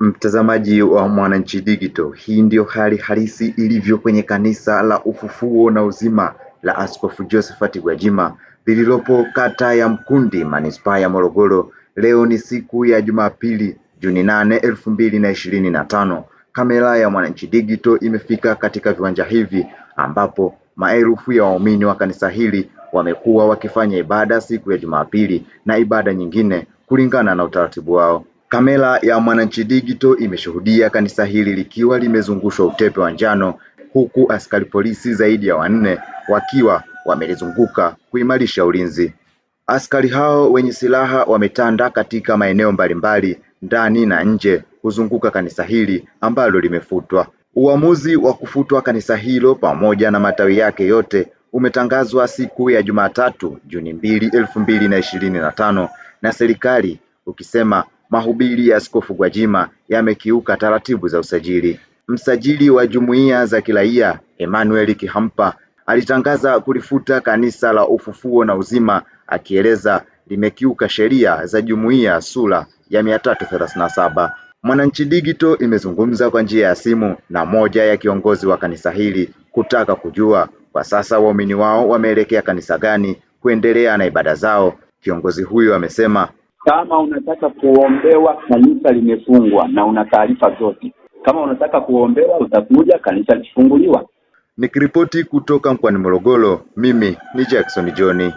Mtazamaji wa Mwananchi Digital, hii ndiyo hali halisi ilivyo kwenye kanisa la Ufufuo na Uzima la Askofu Josephat Gwajima lililopo kata ya Mkundi, manispaa ya Morogoro. Leo ni siku ya Jumapili, Juni nane elfu mbili na ishirini na tano. Kamera ya Mwananchi Digital imefika katika viwanja hivi ambapo maelfu ya waumini wa kanisa hili wamekuwa wakifanya ibada siku ya Jumapili na ibada nyingine kulingana na utaratibu wao. Kamera ya Mwananchi Digital imeshuhudia kanisa hili likiwa limezungushwa utepe wa njano huku askari polisi zaidi ya wanne wakiwa wamelizunguka kuimarisha ulinzi. Askari hao wenye silaha wametanda katika maeneo mbalimbali ndani na nje kuzunguka kanisa hili ambalo limefutwa. Uamuzi wa kufutwa kanisa hilo pamoja na matawi yake yote umetangazwa siku ya Jumatatu Juni mbili elfu mbili na ishirini na tano na serikali ukisema mahubiri ya Askofu Gwajima yamekiuka taratibu za usajili. Msajili wa jumuiya za kiraia Emmanuel Kihampa alitangaza kulifuta Kanisa la Ufufuo na Uzima akieleza limekiuka sheria za jumuiya sura ya 337. Mwananchi Digital imezungumza kwa njia ya simu na moja ya kiongozi wa kanisa hili kutaka kujua kwa sasa waumini wao wameelekea kanisa gani kuendelea na ibada zao. Kiongozi huyo amesema kama unataka kuombewa, kanisa limefungwa na una taarifa zote. Kama unataka kuombewa, utakuja, kanisa likifunguliwa. Nikiripoti kutoka mkoani Morogoro, mimi ni Jackson Johnny.